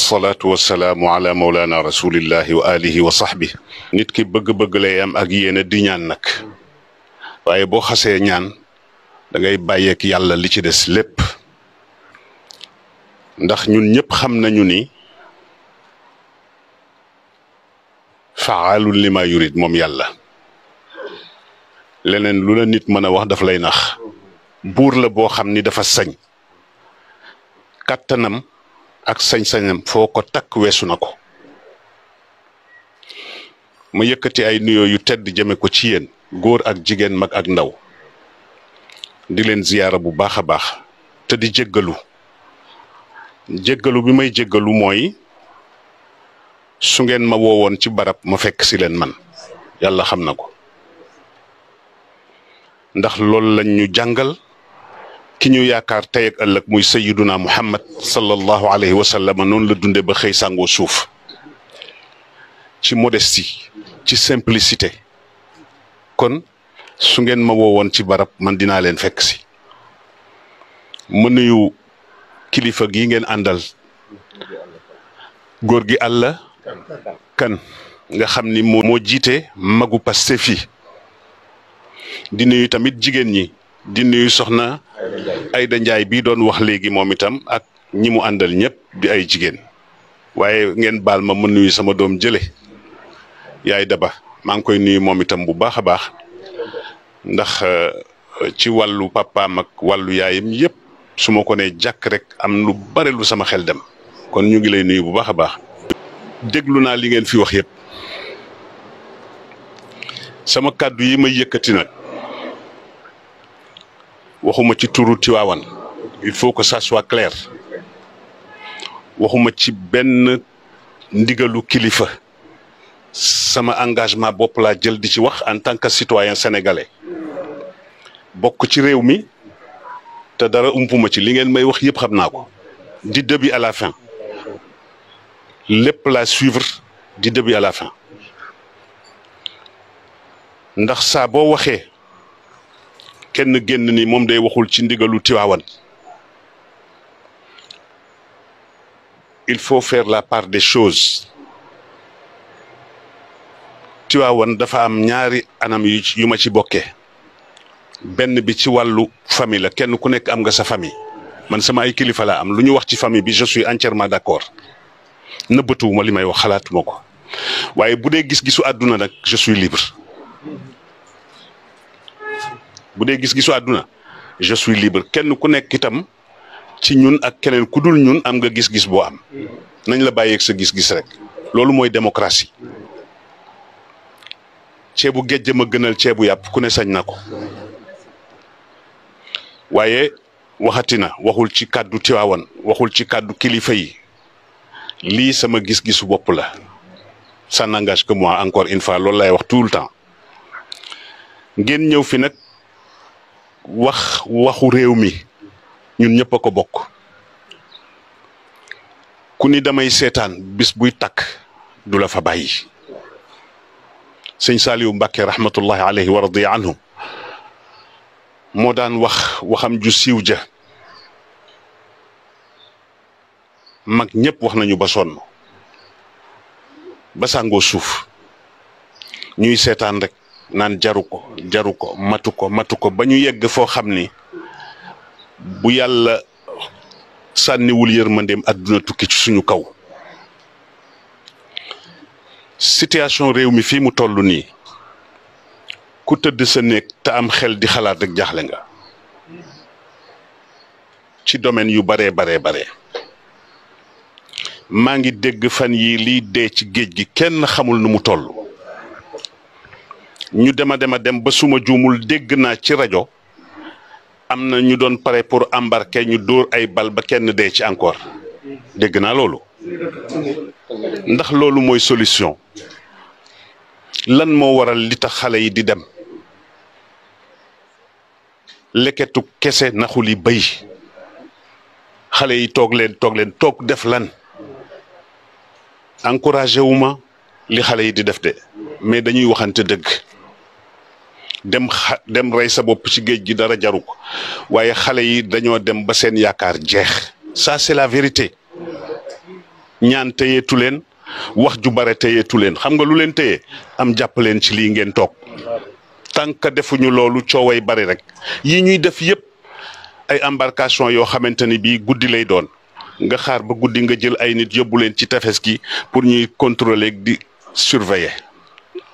الصلاة والسلام على مولانا رسول الله وآله وصحبه نتكي بغ بغ ليام أغيين الدنيا نك وأي بو خسي نيان دغاي بايك يالا لي سي ديس ليب نداخ نون نييب خامنا نيو ني فعال لما يريد موم يالا لنن لولا نيت مانا واخ دافلاي ناخ بور لا بو خامني دافا ساج كاتنام ak sañsañam sañam foo ko takk weesu na ko ma yëkkati ay nuyoo yu tedd jëme ko ci yéen góor ak jigéen mag ak ndaw di leen ziyaara bu baax a baax te di jéggalu jéggalu bi may jéggalu mooy su ngeen ma woowoon ci barab ma fekk si leen man yàlla xam na ko ndax loolu lañ ñu jàngal ki ñu yaakaar tey ak ëllëg muy sayyiduna muhammad sallallahu alayhi wa sallam noonu la dundee ba xëy sàngoo suuf ci modestie ci simplicité kon su ngeen ma woowoon ci barab man dinaa leen fekk si ma nuyu kilifa gi ngeen àndal góor gi àlla kan nga xam ni moo jiite magu Pastef yi di nuyu tamit jigéen ñi di nuyu soxna Ayda Njaay bi doon wax legi momitam ak ñi mu andal ñep di ay jigen waye ngeen bal ma mu nuyu sama dom jele yaay daba ma ngi koy nuyu momitam bu baax a baax ndax euh, ci walu papa mak walu yaayim yep suma ko ne jak rek am lu bare lu sama xel dem kon ñu ngi lay nuyu bu baax baax déglu li ngeen fi wax yep sama kaddu yi ma nak waxuma ci turu Tiwaawan il faut que ça soit clair waxuma ci benn ndigalu kilifa sama engagement bopp laa jël di ci wax en tant que citoyen sénégalais bokk ci réew mi te dara umpuma ci li ngeen may wax yépp xam naa ko di début à la fin lépp laa suivre di début à la fin ndax saa boo waxee kenn génn ni moom day waxul ci ndigalu Tiwaawan il faut faire la part des choses Tiwaawan dafa am ñaari anam yu yu ma ci bokkee benn bi ci wàllu famille la kenn ku nekk am nga sa famille man sama ay kilifa laa am lu ñu wax ci famille bi je suis entièrement d'accord nëbbatuwuma li may wax xalaatuma ko waaye bu dee gis-gisu àdduna nag je libre bu dee gis-gisu àdduna je libre kenn ku nekk itam ci ñun ak keneen ku dul ñun am nga gis-gis boo am nañ la bàyyeeg sa gis-gis rek loolu mooy démocratie ceebu géej ma gënal ceebu yàpp ku ne sañ na ko waaye waxati na waxul ci kàddu Tiwaawan waxul ci kàddu kilifa yi lii sama gis-gisu bopp la ça n'engage que moi encore une fois loolu lay wax tout le temps ngeen ñëw fi nag. wax waxu réew mi ñun ñëpp a ko bokk ku ni damay seetaan bis buy takk du la fa bàyyi sëñ Saaliwu Mbàkke rahmatullahi alayhi wa radiya anhu moo daan wax waxam ju siiw ja mag ñëpp wax nañu ba sonn ba sàngoo suuf ñuy seetaan rek naan jaru ko jaru ko matu ko matu ko ba ñu yegg foo xam ni bu yàlla sànniwul yërmandeem àdduna tukki ci suñu kaw situation réew mi fii mu toll nii ku tëdd sa néeg te am xel di xalaat rek jaaxle nga ci domaine yu baree bare baree maa ngi dégg fan yii liy dee ci géej gi kenn xamul nu mu toll ñu dem a dem a dem ba suma juumul dégg naa ci rajo am na ñu doon pare pour ambarke ñu dóor ay bal ba kenn dee ci encore dégg naa loolu ndax loolu mooy solution lan moo waral li tax xale yi di dem leketu kese naxul yi bay xale yi toog leen toog toog def lan encouragé wu li xale yi di def de mais dañuy waxante deug dem dem rey sa ci géej gi dara jaru waye xalé yi dañoo dem ba seen jeex. ça c'est la vérité ñaan teyé tulen wax ju bare teyé tulen xam nga lu leen teyé am jàpp ci li ngeen tok tank defuñu lolu nous rek yi ñuy def yépp ay embarcation yo xamante bi guddi lay doon nga xaar ba guddi nga jël ay nit yobulen ci pour ñuy contrôler di surveiller.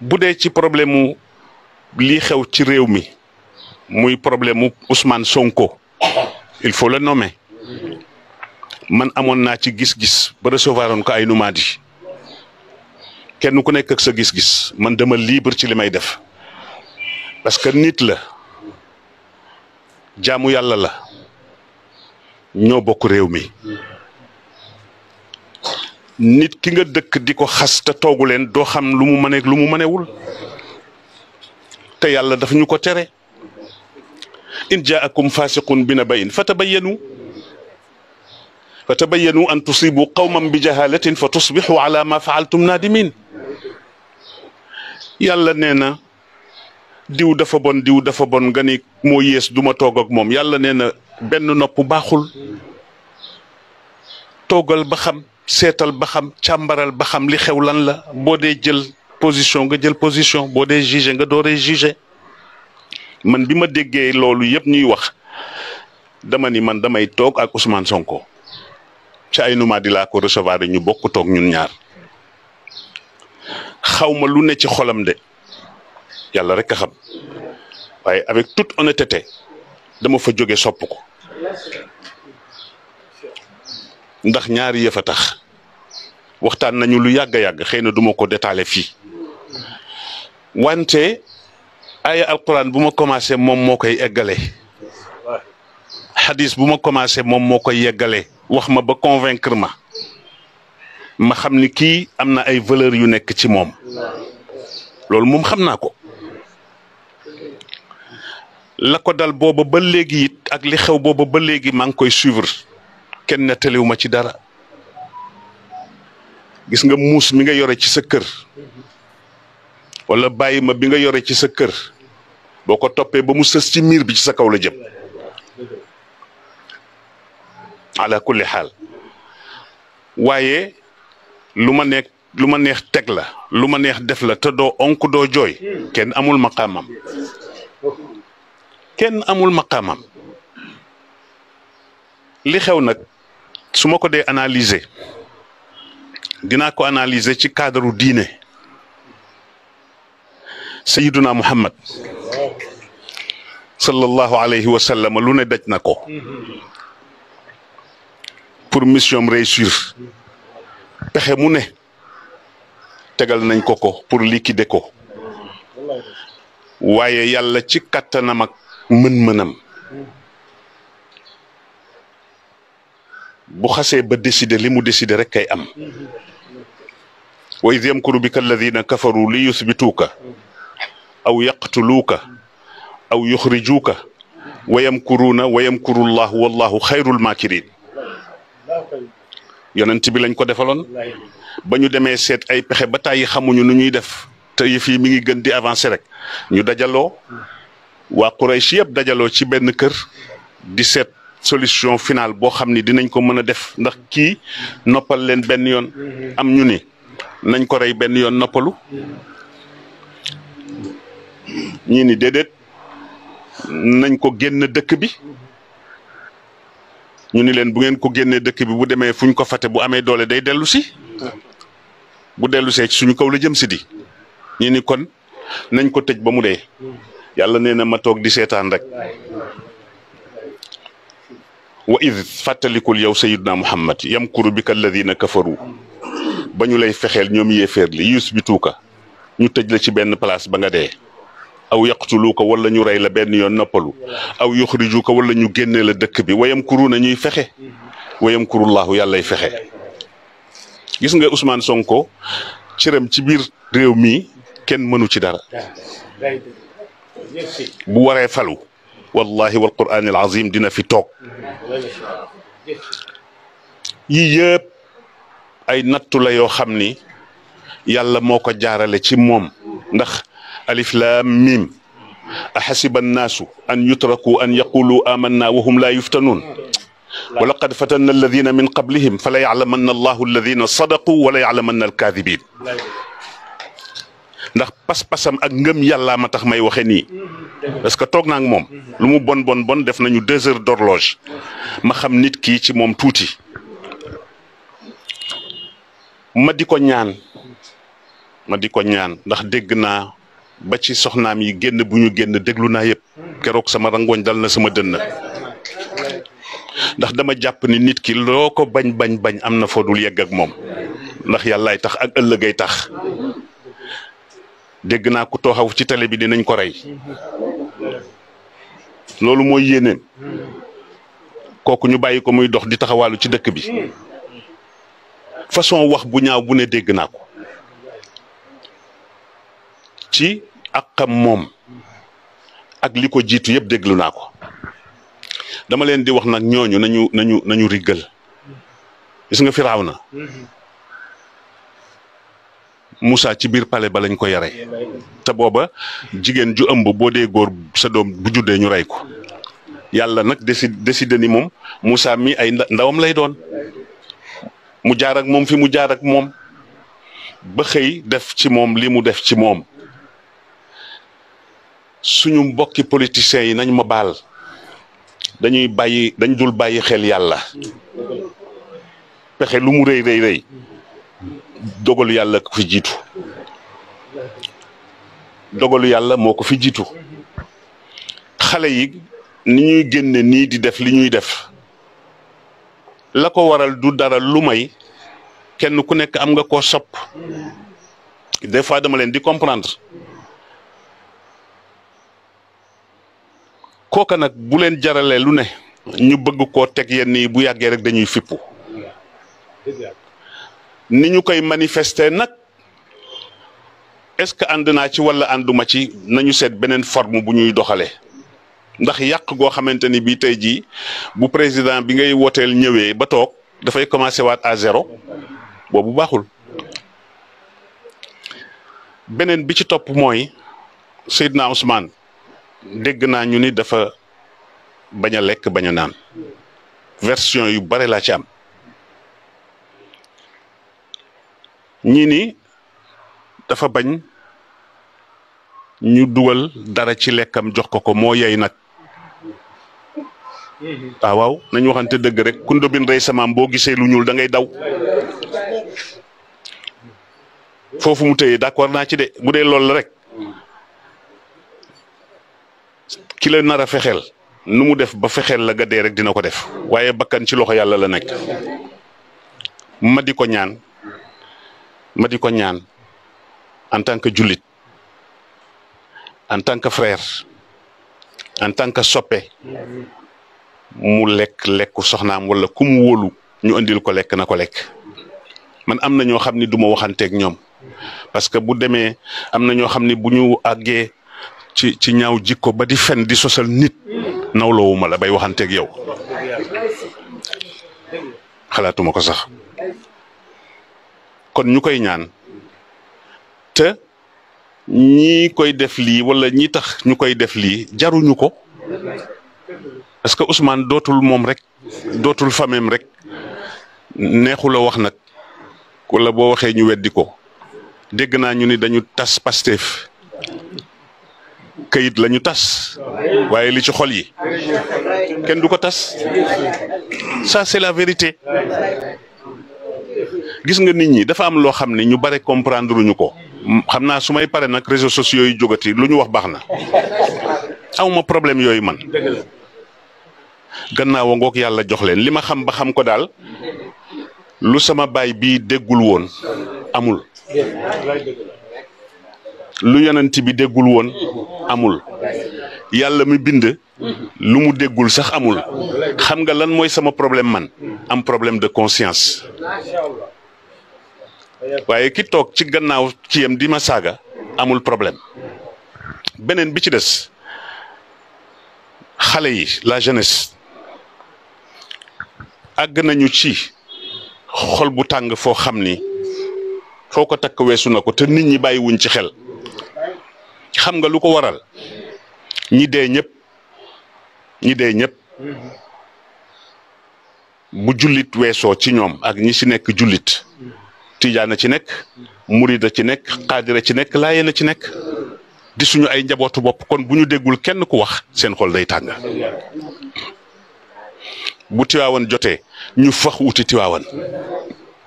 bu dee ci problème mu lii xew ci réew mi muy problème mu Ousmane Sonko il faut le nommer man amoon naa ci gis-gis ba recevoir ko ay Numadi kenn ku nekk sa gis-gis man dama libre ci li may def parce que nit la jaamu yàlla la ñoo bokk réew mi. nit ki nga dëkk di ko xas te toogu leen doo xam lu mu mëneeg lu mu mënewul te yàlla daf ñu ko tere in jaakum fasiqun bi nabain fa tabayyanu fa tabayyanu an tusibu qawman bi jahalatin fa tusbixu ala ma faaltum nadimin yàlla nee na diw dafa bon diw dafa bon gani ni moo yées duma toog moom yàlla nee na benn nopp baaxul toogal ba xam seetal ba xam càmbaral ba xam li xew lan la boo dee jël position nga jël position boo dee jugé nga dooree jugé man bi ma déggee loolu yëpp ñuy wax dama ni man damay toog ak Ousmane Sonko ci ay numaa di laa ko recevoir ñu bokk toog ñun ñaar xaw ma lu ne ci xolam de yàlla rek a xam waaye avec toute honnêteté dama fa jóge sopp ko ndax ñaari yëf tax waxtaan nañu lu yàgg a yàgg xëy na du ma ko détaillé fii wante aya alquran bu ma commencé moom moo koy eggale xadis bu ma commencé moom moo koy yeggale wax ma ba convaincre ma ma xam ni kii am na ay valeur yu nekk ci moom loolu moom xam naa ko la ko dal booba ba léegi it ak li xew booba ba léegi maa ngi koy suivre kenn nettaliwu ma ci dara gis nga muus mi nga yore ci sa kër walla bàyyi ma bi nga yore ci sa kër boo ko toppee ba mu sës ci miir bi ci sa kaw la jëm ala waaye lu ma nekk lu ma neex teg la lu ma neex def la te doo onk doo jooy kenn amul maqaamam kenn amul maqaamam li xew nag su ma ko dee analyser dinaa ko analyser ci cadre diine sayiduna muhammad sallallahu alayhi wa sallam lu ne daj na ko pour mission réussir pexe mu ne tegal nañ ko ko pour liquider ko waaye yàlla ci kattanam ak mën-mënam bu xasee ba décider li mu décider rek kay am wa id yamkuru bika alladina kafaru li yusbituuka aw yaqtuluuka aw yuxrijuuka wa yamkuruuna wa yamkuru llahu wallahu xayrul maakirin yonent bi lañ ko defaloon ba ñu demee seet ay pexe ba tàyyi xamuñu nu ñuy def te yëf yi mi ngi gën di avancer rek ñu dajaloo waa Quraysh yëpp dajaloo ci benn kër di seet solution finale boo xam ni dinañ ko mën a def ndax kii noppal leen benn yoon am ñu ni nañ ko rey benn yoon noppalu ñii ni déedéet nañ ko génn dëkk bi ñu ni leen bu ngeen ko génnee dëkk bi bu demee fuñ ko fate bu amee doole day dellusi bu dellu see ci suñu kaw la jëm si di ñu ni kon nañ ko tëj ba mu dee yàlla nee na ma toog di seetaan rek واذ فاتلكل يا سيدنا محمد يمكر بك الذين كفروا با ني لاي فخيل نيوم ييفر لي يثبتوك ني تجل سي بن بلاص باغا او يقتلوك ولا ني ري يون نوبلو او يخرجوك ولا ني генي لا دك بي ويمكرون ني فخي ويمكر الله يلا يفخي يسمى nga عثمان سونكو تيرم ريومي بير ريو مي كين منو سي دارا بو فالو والله والقران العظيم دينا في توك ييب اي نات لا يو خامني يالا موكو جارالي سي موم نخ الف لام ميم احسب الناس ان يتركوا ان يقولوا امنا وهم لا يفتنون ولقد فتن الذين من قبلهم فلا يعلمن الله الذين صدقوا ولا يعلمن الكاذبين ndax pas pasam ak ngeum yalla ma tax may waxe parce que toog naa moom lu mu bon bon bon def nañu deux heures d'horloge ma xam nit kii ci moom tuuti ma di ko ñaan ma di ko ñaan ndax dégg naa ba ci soxnaam yi génn bu ñu génn déglu naa yëpp keroog sama rangooñ dal na sama dënn ndax dama jàpp ni nit ki loo ko bañ bañ bañ am na foo yegg ak moom ndax yàllaay tax ak ëllëgay tax dégg naa ko tooxaw ci télé bi dinañ ko rey loolu mooy yéenéem kooku ñu bàyyi ko muy dox di taxawaalu ci dëkk bi façon wax bu ñaaw bu ne dégg naa ko ci àqam moom ak li ko jiitu yëpp déglu naa ko dama leen di wax nag ñooñu nañu nañu nañu riggal gis nga firaaw na Moussa ci biir pale ba lañ ko yare te booba jigéen ju ëmb boo dee góor sa doom bu juddee ñu rey ko yàlla nag décide décide ni moom Moussa mi ay ndawam lay doon mu jaar ak moom fi mu jaar moom ba xëy def ci moom li mu def ci moom suñu mbokki politiciens yi nañ ma baal dañuy bàyyi dañ dul bàyyi xel yàlla pexe lu mu rëy rëy rëy dogalu yàlla ko fi jiitu dogalu yàlla moo ko fi jiitu xale yi ni ñuy génne nii di def li ñuy def la ko waral du dara lu may kenn ku nekk am nga koo sopp des fois dama leen di comprendre kooka nag bu leen jaralee lu ne ñu bëgg koo teg yenn yi bu yàggee rek dañuy fippu ni ñu koy manifester nag est-ce que ànd naa ci walla ànduma ci nañu seet beneen forme bu ñuy doxalee ndax yàq goo xamante ni bii tey jii bu président bi ngay woteel ñëwee ba toog dafay commencer waat à zéro boobu baaxul beneen bi ci topp mooy Seydina Ousmane dégg naa ñu ni dafa bañ a lekk bañ naan version yu bare laa ci am. ñii ni dafa bañ ñu dugal dara ci lekkam jox ko ko moo yay nag ah waaw nañu waxante dëgg rek ku ndobin rey samaam boo gisee lu ñuul dangay daw foofu mu tëye d'accord naa ci de bu dee loolu la rek ki la nar fexeel nu mu def ba fexeel la gaddee dee rek dina ko def waaye bakkan ci loxo yàlla la nekk ma di ko ñaan ma di ko ñaan en tant que jullit en tant que frère en tant que soppe mu lekk lekku soxnaam wala ku mu ñu andil ko lekk na ko lekk man am na ñoo xam ni duma ma waxanteeg ñoom parce que bu demee am na ñoo xam ni bu ñu àggee ci ci ñaaw jikko ba di fen di sosal nit nawloowuma la bay waxanteeg yow xalaatuma ko sax kon nous te ñi koy def li wala ñi tax def li parce que Ousmane dotul mom rek dotul famem rek la wax ñu ko ñu ni dañu tas Pastef kayit la tas waye li ci ça c'est la vérité gis nga nit ñi dafa am lo xamni ñu bare comprendre ñu ko xamna sumay paré nak pare réseaux sociaux yi jogati lu wax baxna na awma problème yoy man gannaaw ngok yalla jox leen lima xam ba xam ko dal lu sama bay bi déggul won amul lu yonenti bi déggul won amul yalla mi bind lu mu déggul sax amul xam nga lan moy sama problème man am problème de conscience waaye ki toog ci gannaaw kiyam di ma saaga amul problème beneen bi ci des xale yi la jeunesse àgg nañu ci xol bu tàng foo xam ni foo ko takk weesu na ko te nit ñi bàyyiwuñ ci xel xam nga lu ko waral ñi dee ñëpp ñi dee ñépp bu jullit weesoo ci ñoom ak ñi ci nekk jullit. tijaan ci nekk murid ci nekk xaadir ci nekk laayeen ci nekk di suñu ay njabootu bopp kon bu ñu déggul kenn ku wax seen xol day tàng bu tiwaawan jotee ñu fax wuti tiwaawan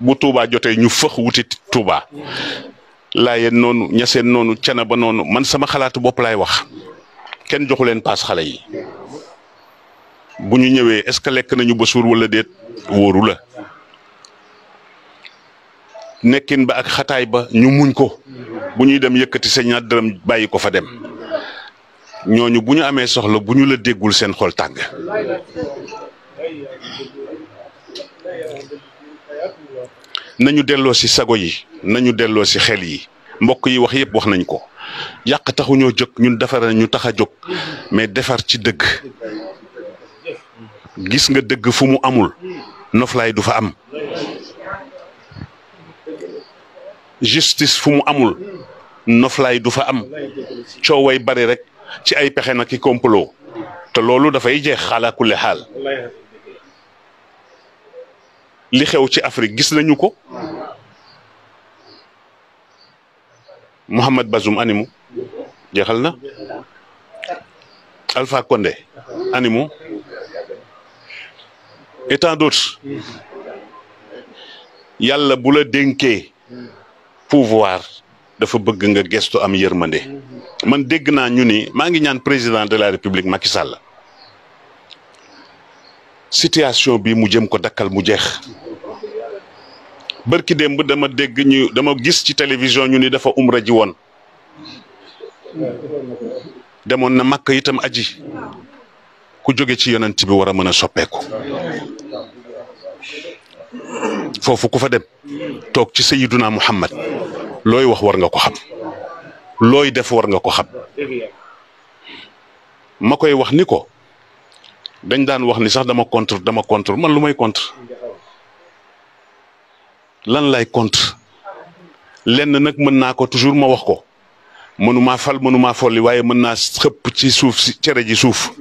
bu tuubaa jotee ñu fax wuti tuubaa laayeen noonu ñaseen noonu cana ba noonu man sama xalaatu bopp laay wax kenn joxu leen paas xale yi bu ñu ñëwee est-ce que lekk nañu ba suur wala déet wóoru la nekkin ba ak xataay ba ñu muñ ko bu ñuy dem yëkkati sa ñaar bàyyi ko fa dem ñooñu bu ñu amee soxla bu ñu la déggul seen xool tàng. nañu delloo ci sago yi nañu delloo ci xel yi mbokk yi wax yépp wax nañ ko yàq taxuñoo jóg ñun defare na ñu tax a jóg mais defar ci dëgg gis nga dëgg fu mu amul noflaay du fa am. justice fu mu amul noflay du fa am way bari rek ci ay pexe nak ki complot te loolu dafay jeex xaalaakule hal li xew ci Afrique gis nañu ko mohammed Bazoum animu jeexal na Alpha Condé animu et tant d'autres yàlla bu la denké pouvoir dafa bëgg nga gestu am yërmande mm-hmm. man dégg naa ñu ni maa ngi ñaan président de la république Macky Sall situation bi mu jëm ko dakkal mu jeex bërki démb dama dégg ñu dama gis ci télévision ñu ni dafa umra ji woon demoon na màkk itam aji ku jóge ci yonent bi war a mën a soppeeku foofu ku fa dem toog ci sayiduna muhammad looy wax war nga ko xam looy def war nga ko xam ma koy wax ni ko dañ daan wax ni sax dama contre dama contre man lu may contre lan lay contre lenn nag mën naa ko toujours ma wax ko mënumaa fal mënumaa folli waaye mën naa xëpp ci suuf si cere ji suuf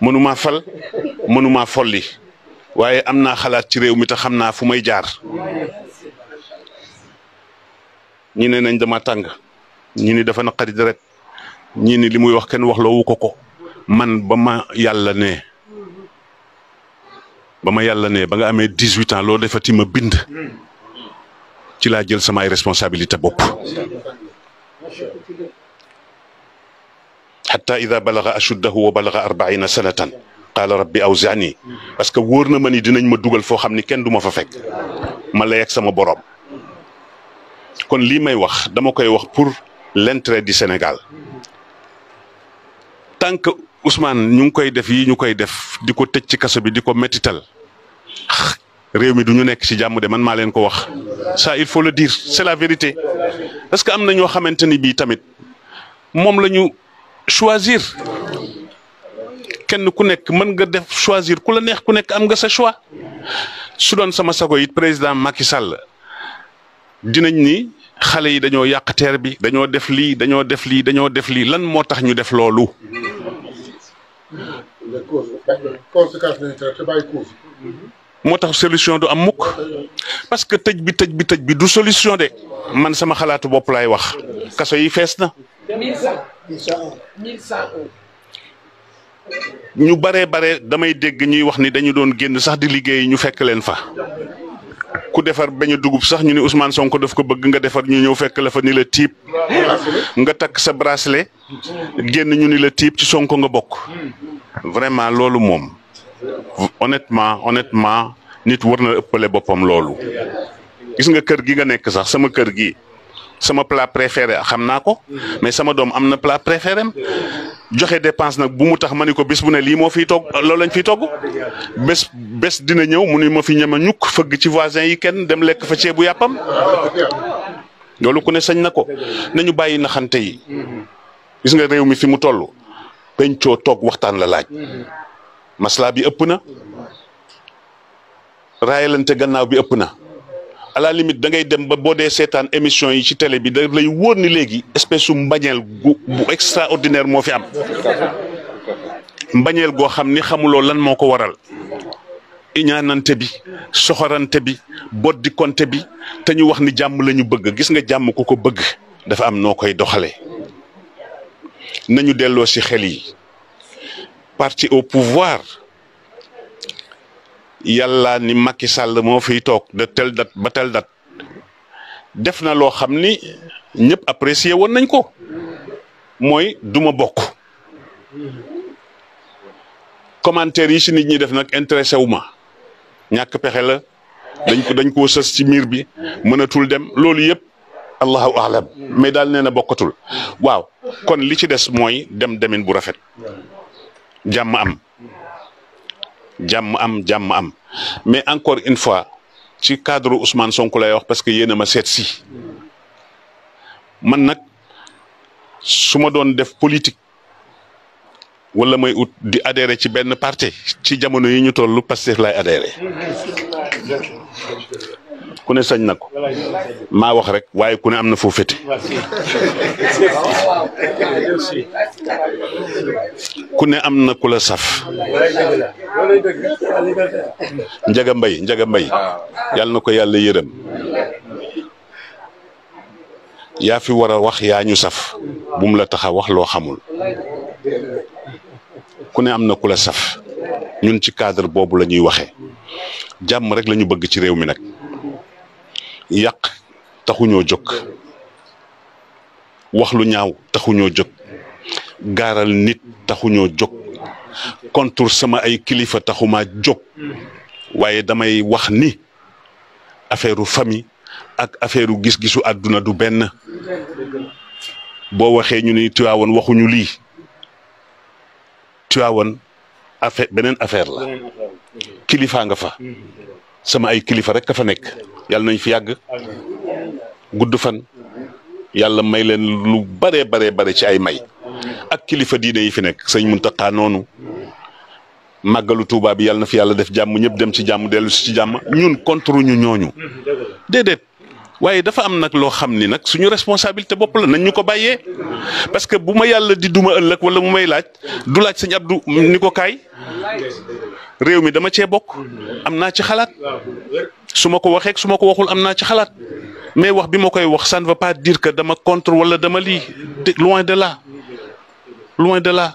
mënumaa fal mënumaa folli waaye am naa xalaat ci réew mi te xam naa fu may jaar ñi ne nañ dama tàng ñi ni dafa naqari deret ñi ni li muy wax kenn wax loowu ko ko man ba ma yàlla ne ba ma yàlla ne ba nga amee dix-huit ans loo defati ma bind ci laa jël samay responsabilité bopp حتى إذا بلغ أشده وبلغ أربعين سنة قال ربي أوزعني بس كورنا من يدنين مدوغ الفوخ أمني كان دوما ففك ما لا يكسم بروب كون لي ما يوخ دمو كي يوخ بور لنترى دي سنغال تانك عثمان نيون كي دف يي نيون كي دف دي كو تجي كاسو بي متتال ريو مي دونيو نيك سي جامو دي من ما لين كو وخ سا il faut le dire c'est la vérité parce que amna ño xamanteni bi tamit mom lañu choisir kenn ku nekk mën nga def choisir ku la neex ku nekk am nga sa choix su doon sama sago it président Macky Sall dinañ ni xale yi dañoo yàq teer bi dañoo def lii dañoo def lii dañoo def lii lan moo tax ñu def loolu. moo tax solution du am mukk parce que tëj bi tëj bi tëj bi du solution de man sama xalaatu bopp laay wax kaso yi fees na. 1101 ñu bare bare damay dégg ñuy wax ni dañu doon génn sax di liggéey ñu fekk leen fa ku defar bañ dugub sax ñu ni Ousmane Sonko daf ko bëgg nga defar ñu ñëw fekk la fa ni la tiib nga takk sa bracelet génn ñu ni la tiib ci Sonko nga bokk vraiment loolu moom honnêtement honnêtement nit war na ëppale boppam loolu gis nga kër gi nga nekk sax sama kër gi sama plat préféré xam naa ko mais sama doom am na plat préféré joxe dépense nag bu mu tax ma ni ko bés bu ne lii moo fiy togg loolu lañ fiy togg bés bés dina ñëw mu ni ma fi ñeme ñukk fëgg ci voisin yi kenn dem lekk fa ceebu yàppam loolu ku ne sañ na ko nañu bàyyi na naxante yi gis nga réew mi fi mu toll coo toog waxtaan la laaj maslaa bi ëpp na raayalante gannaaw bi ëpp na. à la limite dem ba boo dee seetaan émission yi ci télé bi da lay wóor ni léegi espèce su mbañeel gu bu extraordinaire moo fi am mbañeel goo xam ni xamuloo lan moo ko waral iñaanante bi soxorante bi boddikonte bi te ñu wax ni jàmm la ñu bëgg gis nga jàmm ku ko bëgg dafa am noo koy doxalee nañu delloo ci xel yi parti au pouvoir yàlla ni Macky Sall moo fiy toog de tel date ba tel date def na loo xam ni ñëpp apprécier woon nañ ko mooy duma bokk commentaires yi si nit ñi def nag intéressé wu ma ñàkk pexe la dañ ko dañ koo sës ci miir bi mënatul dem loolu yëpp allahu alam mais daal nee na bokkatul waaw kon li ci des mooy dem demin bu rafet jàmm am Jam am am mais encore une fois ci cadre Ousmane Sonko lay wax parce que ma si man def politique wala may out di ci parti ci jamono yi ñu Pastef lay adhérer ku ne sañ n'ako. Ma wax rek ku ne Njaga Mbay Njaga Mbay ah. yàlla na ko yàlla yërëm yaa fi war a wax yaa ñu saf bu la taxa a wax loo xamul ku ne am na ku la saf ñun ci cadre boobu la ñuy waxee jàmm rek lañu bëgg ci réew mi nag yàq taxuñoo jóg wax lu ñaaw taxuñoo jóg gaaral nit taxuñoo jóg kontur sama ay kilifa taxuma jóg waaye damay wax ni affaire famille ak affaire gis-gisu àdduna du benn boo waxee ñu ni Tiwaawan waxuñu lii Tiwaawan affaire beneen affaire la kilifa nga fa sama ay kilifa rek ka fa nekk yàlla nañ fi yàgg gudd fan yàlla may leen lu bare bare bare ci ay may ak kilifa diine yi fi nekk sëñ Muntaxa noonu màggalu Tuubaa bi yàlla na fi yàlla def jàmm ñëpp dem ci jàmm dellu si ci jàmm ñun contre ñu ñooñu déedéet waaye dafa am nag loo xam ni nag suñu responsabilité bopp la nañ ñu ko bàyyee parce que bu ma yàlla di duma ëllëg wala mu may laaj du laaj sëñ du ni ko kaay réew mi dama cee bokk am naa ci xalaat su ma ko waxee su ma ko waxul am naa ci xalaat mais wax bi ma koy wax ça ne veut pas dama contre wala dama loin de là loin de là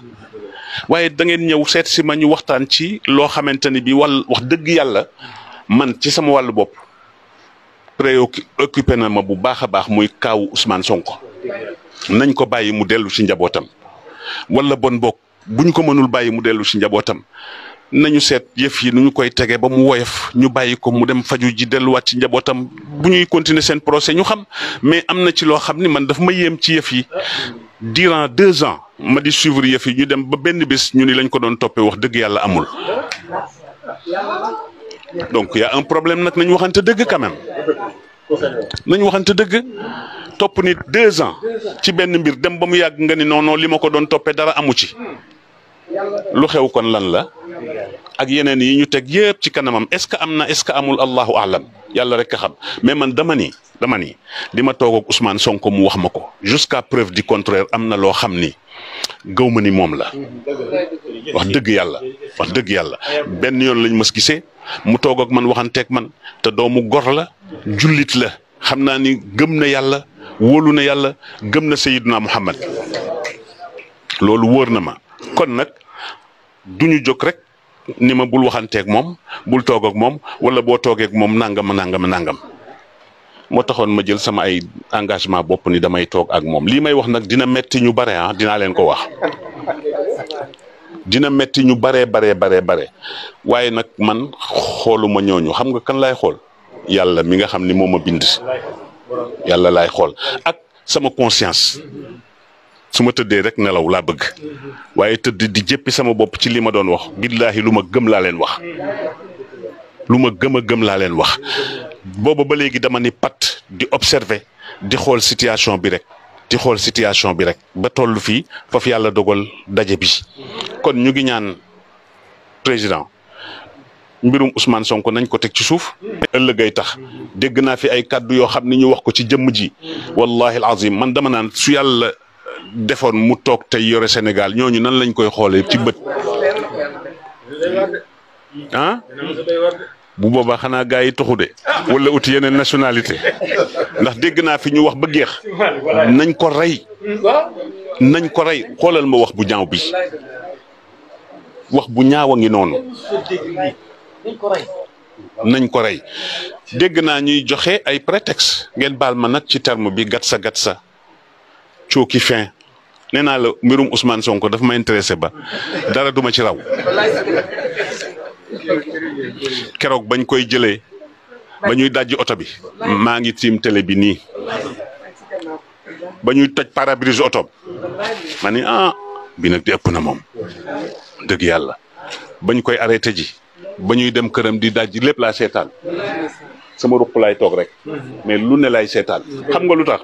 waaye da ngeen ñëw seet si ma ñu waxtaan ci loo xamante bi wal wax man ci sama wàllu bopp préoccupé na ma bu baax a baax muy kaawu Ousmane Sonko nañ ko bàyyi mu dellu si njabootam wala bon bokk buñ ko mënul bàyyi mu dellu si njabootam nañu seet yëf yi nu ñu koy tege ba mu woyof ñu bàyyi ko mu dem faju ji ci continuer procès ñu xam mais ci man daf ma yéem ci yi durant deux ans ma di suivre yëf yi ñu dem ba benn bis ñu ni lañ ko doon toppee wax dëgg yàlla amul donc y un problème nag nañ waxante dëgg quand même nañ waxante dëgg topp nit deux ans ci benn mbir dem ba mu yàgg nga ni non non li ma ko doon toppee dara amu ci lu xew kon lan la. ak yeneen yi ñu teg yépp ci kanamam est ce que est ce amul allahu alam yalla rek xam mais man dama ni dama ni li ma toog ak Ousmane Sonko mu wax ma ko jusqu'à preuve du contraire am na xam ni ni moom la wax dëgg yàlla wax dëgg yàlla benn yoon lañ mas gisee mu toog ak man waxanteeg man te doomu gor la jullit la xam naa ni gëm na yàlla wóolu na yàlla Muhammad loolu wóor na ma kon nag duñu jóg rek ni ma bul waxanteeg moom bul toog ak moom wala boo toogeeg moom nangam nangam nangam moo taxoon ma jël sama ay engagement bopp ni damay toog ak moom lii may wax nag dina metti ñu bare ah dinaa leen ko wax dina metti ñu baree baree baree bare waaye nag man xooluma ñooñu xam nga kan laay xool yàlla mi nga xam ni moom ma bind yàlla laay xool ak sama conscience su ma tëddee rek nelaw laa bëgg waaye tëdd di jéppi sama bopp ci li ma doon wax billaahi lu ma gëm laa leen wax lu ma gëm a gëm laa leen wax booba ba léegi dama ni pat di observer di xool situation bi rek di xool situation bi rek ba toll fii faf yàlla dogal daje bi kon ñu ngi ñaan président mbirum Ousmane Sonko nañ ko teg ci suuf ëllëgay tax dégg naa fi ay kàddu yoo xam ni ñu wax ko ci jëmm ji wallahi alazim man dama naan su yàlla defoon mu toog tey yore Sénégal ñooñu nan lañ koy xoolee ci bët bu boobaa xanaa gars yi toxu de wala uti yeneen nationalité ndax dégg naa fi ñu wax ba géex nañ ko rey nañ ko rey xoolal ma wax bu ñaaw bi wax bu ñaawa ngi noonu nañ ko rey dégg naa ñuy joxe ay prétexte ngeen baal ma nag ci terme bi gatsa gatsa cooki fin nee naa la mbirum Ousmane Sonko dafa ma intéressé ba dara duma ci raw keroog bañ koy jëlee ba ñuy dajji oto bi maa ngi tiim télé bi nii ba ñuy toj parabrise oto ma ni ah bi nag di ëpp na moom dëgg yàlla bañ koy arrêté ji ba ñuy dem këram di dajji lépp laa seetaan sama ruq laay toog rek mais lu ne laay seetaan xam nga lu tax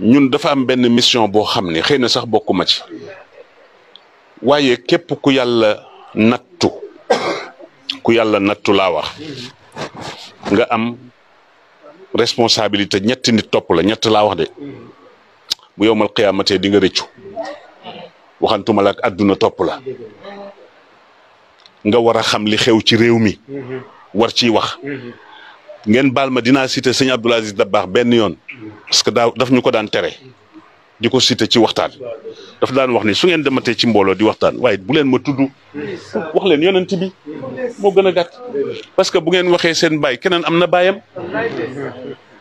ñun dafa am benn mission boo xam ne xëy na sax bokkuma ci waaye képp ku yàlla nattu ku yàlla nattu laa wax nga am responsabilité ñetti nit topp la ñett laa wax de bu yowmal xiyaamatee di nga rëccu waxantuma la ak àdduna topp la nga war a xam li xew ci réew mi mm-hmm. war ciy wax mm-hmm. ngeen baal ma dinaa cité sëñ Abdoul Aziz baax benn yoon parce que daaw daf ñu ko daan tere di ko cité ci waxtaan daf daan wax ni su ngeen dematee ci mbooloo di waxtaan waaye bu leen ma tudd wax leen yonent bi moo gën a gàtt parce que bu ngeen waxee seen baay keneen am na baayam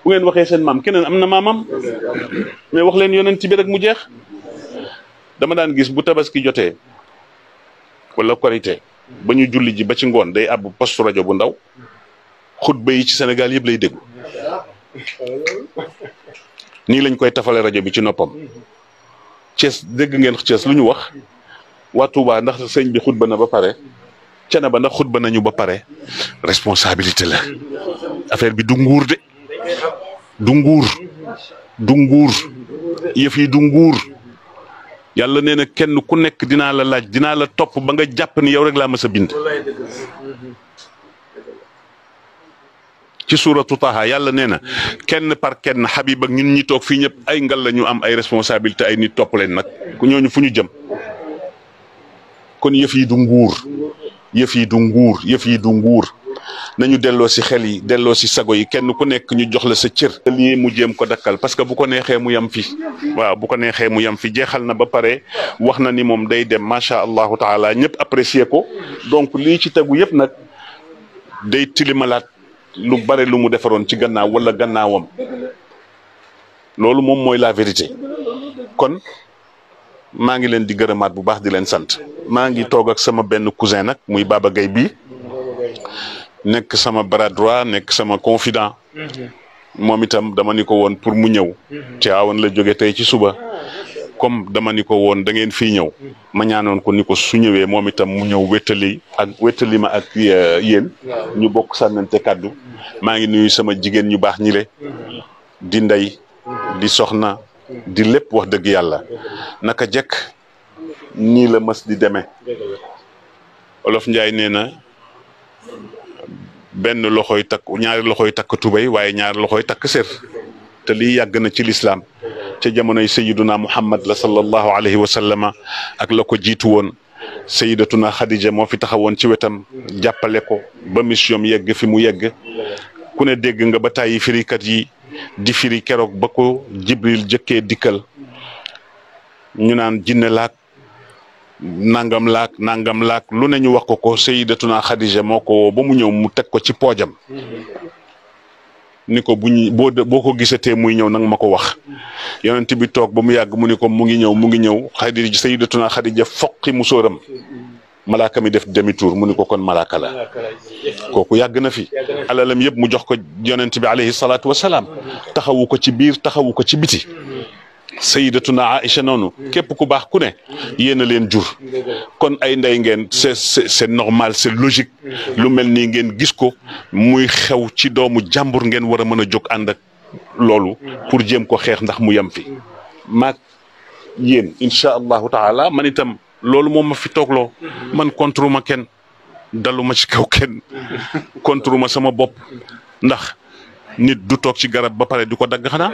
bu ngeen waxee seen maam keneen am na maamam mais wax leen yonent bi rek mu jeex dama daan gis bu tabaski jotee wala korité ba ñu julli ji ba ci ngoon day àbb poste rajo bu ndaw xutba yi ci Sénégal yëpp lay déglu nii lañ koy tafalee rajo bi ci noppam Thiès dégg ngeen Thiès lu ñu wax waa Touba ndax sëñ bi xutba na ba pare cene ba ndax xutba nañu ba pare responsabilité la affaire bi du nguur de du nguur du nguur yëf yi du nguur yàlla nee na kenn ku nekk dinaa la laaj dinaa la topp ba nga jàpp ni yow rek laa mës bind ci suuratu Taha yàlla nee na kenn par kenn Habib ak ñun ñi toog fii ñëpp ay ngal la ñu am ay responsabilité ay nit topp leen nag ñooñu fu ñu jëm kon yëf yi du nguur yëf yi du nguur yëf yi du nguur nañu delloo si xel yi delloo si sago yi kenn ku nekk ñu jox la sa cër. lii mu jéem ko dakkal parce que bu ko neexee mu yam fi waaw bu ko neexee mu yam fi jeexal na ba pare wax na ni moom day dem macha allahu taala ñëpp apprécier ko donc lii ci tegu yëpp nag day tilimalaat lu bare lu mu defaroon ci gannaaw wala gannaawam loolu moom mooy la vérité kon maa ngi leen di gërëmaat bu baax di leen sant maa ngi toog ak sama benn cousin nag muy Baba Gaye bii nekk sama bras droit nekk sama confident mhm. moom itam dama ni ko woon pour mu ñëw ci mhm. awoon la jóge tey ci suba comme dama ni ko woon da ngeen fii ñëw mm-hmm. ma ñaanoon ko ni ko su ñëwee moom itam mu ñëw wétali ak wétali ma ak euh, yéen ñu bokk sànnante kàddu mm-hmm. maa ngi nuyu sama jigéen ñu baax ñile mm-hmm. di ndey di soxna di lépp wax dëgg yàlla naka jekk nii la mës di demee olof njaay nee na benn loxoy takk ñaari loxoy takk tubéy waaye ñaari loxoy takk sér te lii yàgg na ci lislaam ca jamonoy sayiduna muhammad la sallallahu alayhi wa sallama ak la ko jiitu woon sayidatuna Khadija moo fi taxawoon ci wetam jàppale ko ba missiom yegg fi mu yegg ku ne dégg nga ba tàyyi firikat yi di firi keroog ba ko jibril jëkkee dikkal ñu naan jinne laak nangam laak nangam laak lu ne ñu wax ko ko sayidatuna Khadija moo ko woo ba mu ñëw mu teg ko ci poojam ni ko buñ boo boo ko gisatee muy ñëw nang ma ko wax yonent bi toog ba mu yàgg mu ni ko mu ngi ñëw mu ngi ñëw Xadija sayyidatuna Xadija foqi musóoram malaaka mi def demi mu ni ko kon malaaka la kooku yàgg na fi alalam yëpp mu jox ko yonent bi alayhi salaatu wasalaam taxawu ko ci biir taxawu ko ci biti sayidatuna Aïcha noonu mm. képp ku baax ku ne mm. yéen leen jur mm. kon ay ndey ngeen c'est c'est normal c'est logique lu mel nii ngeen gis ko muy xew ci doomu jàmbur ngeen war a mën a jóg ànd loolu pour jéem ko xeex ndax mu yem fi maag yéen incha allahu taala man itam loolu moom ma fi toogloo man contre ma kenn daluma ci kew kenn contre ma sama bopp ndax nit du toog ci garab ba pare di ko dagg xanaa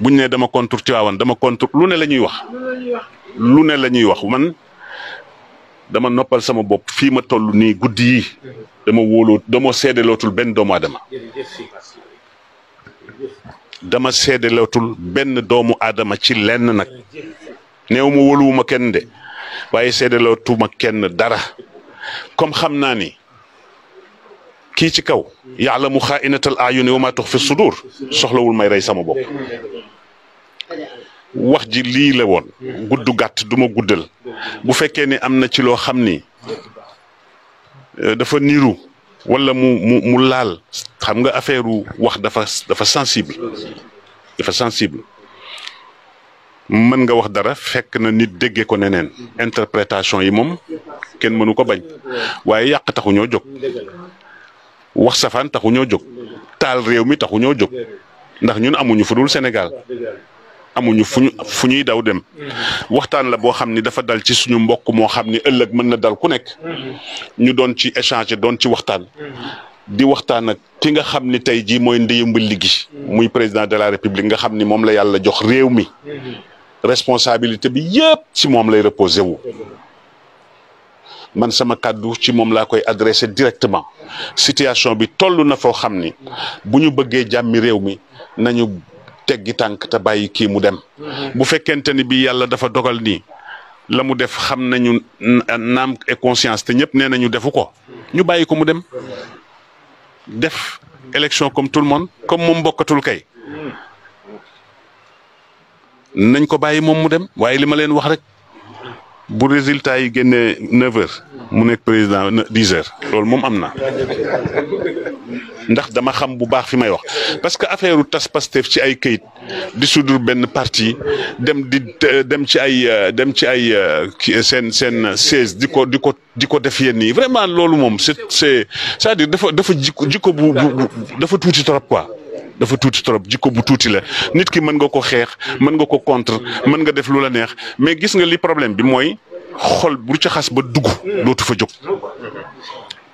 buñ ne dama contre Tiwaawan dama contre lu ne la ñuy wax lu ne la ñuy wax man dama noppal sama bopp fii ma toll nii guddi yi dama wóoloot dama seedelootul benn doomu aadama dama seedelootul benn doomu aadama ci lenn nag néew ma wóoluwuma kenn de waaye seedelootuma kenn dara comme xam naa ni كي تي كاو يعلم خائنة الأعين وما تخفي الصدور سهلة ول ماي راي سامو بوك واخ جي لي لا وون غودو غات دوما غودل بو فكيني ني امنا تي لو خامني دا فا نيرو ولا مو مو لال خمغا افيرو واخ دا فا دا فا سنسيبل دا فا سنسيبل من nga wax dara fekk na nit déggé ko neneen interprétation yi moom kenn mënu ko bañ waaye yàq taxu ñoo jóg wax safaan taxu ñoo jóg taal réew mi taxu ñoo jóg ndax ñun amuñu fu dul Sénégal amuñu fu fu ñuy daw dem waxtaan la boo xam ni dafa dal ci suñu mbokk moo xam ni ëllëg mën na dal ku nekk ñu doon ci échanger doon ci waxtaan di waxtaan ak ki nga xam ni tey jii mooy ndeyumbu ligi muy président de la république nga xam ni moom la yàlla jox réew mi responsabilité bi yëpp ci moom lay reposé wu man sama kàddu ci moom laa koy adressé directement situation bi toll na foo xam ni bu ñu bëggee jàmmi réew mi nañu teggi tànk te bàyyi kii mu dem. Mhm. bu fekkente ni bi yàlla dafa dogal nii la mu def xam nañu naam et conscience te ñëpp nee nañu defu ko ñu bàyyi ko mu dem def élection comme tout le monde comme moom mbokkatul kay. Mhm. nañ ko bàyyi moom mu dem waaye li ma leen wax rek. bu résultat yi génnee 9 heures mu nekk président 10 heures loolu mom amna ndax dama xam bu baax fi may wax parce que affaire tas Pastef ci ay keuyit di sudur ben parti dem di euh, dem ci ay euh, dem ci ay euh, sen sen 16 diko diko diko ko def yenn vraiment loolu mom c'est c'est c'est-à-dire dafa dafa jiko jikko bu dafa touti trop quoi. dafa tuuti trop jikko bu tuuti la nit ki mën nga ko xeex mën nga ko contre mën nga def lu la neex mais gis nga li problème bi mooy xol bu ci xas ba dugg dootu fa jóg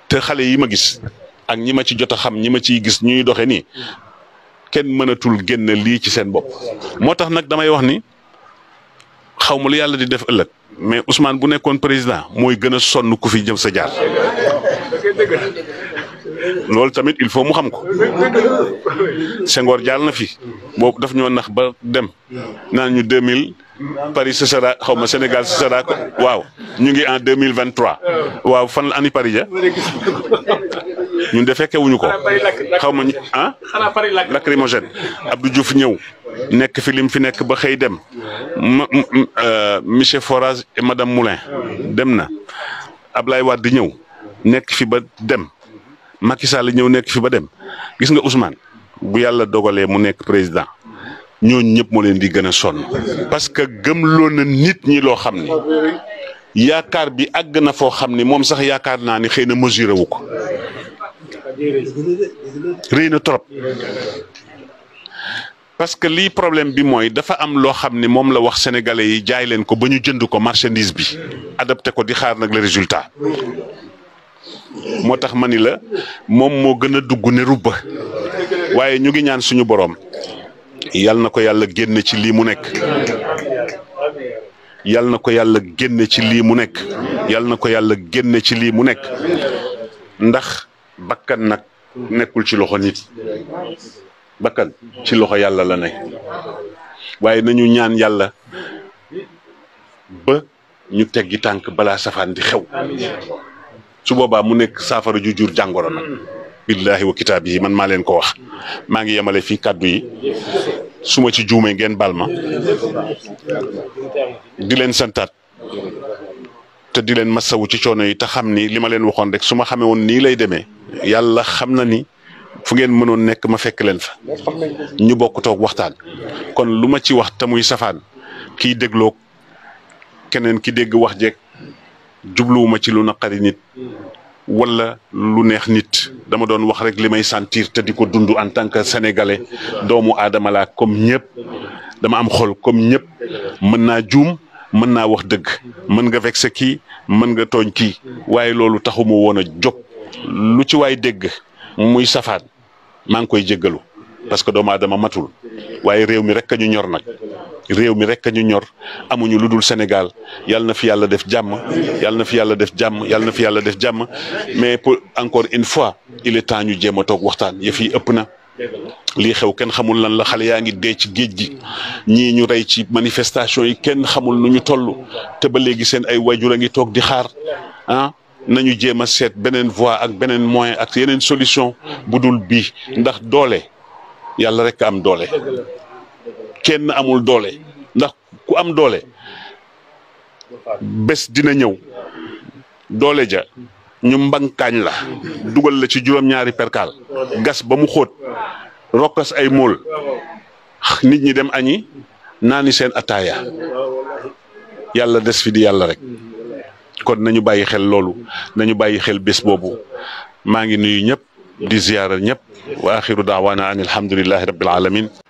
te xale yi ma gis ak ñi ma ci jot a xam ñi ma ciy gis ñuy doxe nii kenn mënatul génn lii ci seen bopp moo tax nag damay wax ni xaw ma lu yàlla di def ëllëg mais Ousmane bu nekkoon président mooy gën a sonn ku fi jëm sa jaar loolu tamit il faut mu xam ko Senghor jàll na fi boobu daf ñoo nax ba dem naan ñu 2000 Paris ce sera xaw ma Sénégal ce ko waaw ñu ngi en 2023 waaw fan la ani Paris ja ñun de fekke ko xaw ma ah lacrymogène Abdou ñëw nekk fi lim fi nekk ba xëy dem euh, monsieur Forage et madame Moulin dem na Ablaye Wade ñëw nekk fi ba dem Macky Sall ñëw nekk fi ba dem gis nga Ousmane bu yàlla dogalee mu nekk président ñooñu ñëpp moo leen di gën a sonn parce que gëm gëmloo na nit ñii loo xam ne yaakaar bi àgg na foo xam ni moom sax yaakaar naa ni xëy na mesuré wu ko rëy na trop parce que lii problème bi mooy dafa am loo xam ne moom la wax sénégalais yi jaay leen ko ba ñu jënd ko marchandise bi adapté ko di xaar nag la résultat moo tax ma ni la moom moo gën a dugg ne rubba waaye ñu ngi ñaan suñu boroom yal na ko yàlla génn ci lii mu nekk yal na ko yàlla génne ci lii mu nekk yal na ko yàlla génne ci lii mu nekk ndax bakkan nag nekkul ci loxo nit bakkan ci loxo yàlla la nekk waaye nañu ñaan yàlla ba ñu teggi tànk balaa safaan di xew su boba mu nek safara ju jur kita nak hmm. billahi wa kitaab man ma len ko wax ma ngi yamale fi kaddu yi suma ci juumee ngeen balma di len santat te di len masawu ci coono yi te xamni ni len waxon rek suma ma xamee lay deme yalla xamna ni fu ngeen nek ma fekk len fa ñu bokku tok waxtaan kon luma ci wax ta muy safaan ki deglo kenen ki deg wax jek jubluwuma ci lu naqari nit mm. wala lu neex nit mm. dama doon wax rek li may sentir te di ko dund en tant que sénégalais mm. doomu aadama laa comme ñëpp dama am xol comme ñëpp mën naa juum mën naa wax dëgg mën nga sa kii mën nga tooñ kii waaye loolu taxuma woon a jóg lu ci waay dégg muy safaan maa ngi koy jéggalu parce que doomu aadama matul waaye réew mi rek ka ñu ñor nag réew mi rek a ñu ñor amuñu lu dul Sénégal yal na fi yàlla def jàmm yal na fi yàlla def jàmm yal na fi yàlla def jàmm mais pour encore une fois il est temps ñu jéem a toog waxtaan yëf yi ëpp na. lii xew kenn xamul lan la xale yaa ngi dee ci géej gi ñii ñu rey ci manifestation yi kenn xamul nu ñu toll te ba léegi seen ay wajur a ngi toog di xaar ah. nañu jéem a seet beneen voie ak beneen moyen ak yeneen solution bu dul bii ndax doole yàlla rek am doole kenn amul doole ndax ku am doole bés dina ñëw doole ja ñu mbankaañ la dugal la ci juróom-ñaari perkaal gas ba mu xóot rokkas ay mool nit ñi dem añi naani seen ataaya yàlla des fi di yàlla rek kon nañu bàyyi xel loolu nañu bàyyi xel bés boobu maa ngi nuyu ñëpp di ziyaara ñëpp wa axiru daawaana an alhamdulillahi rabbil alamin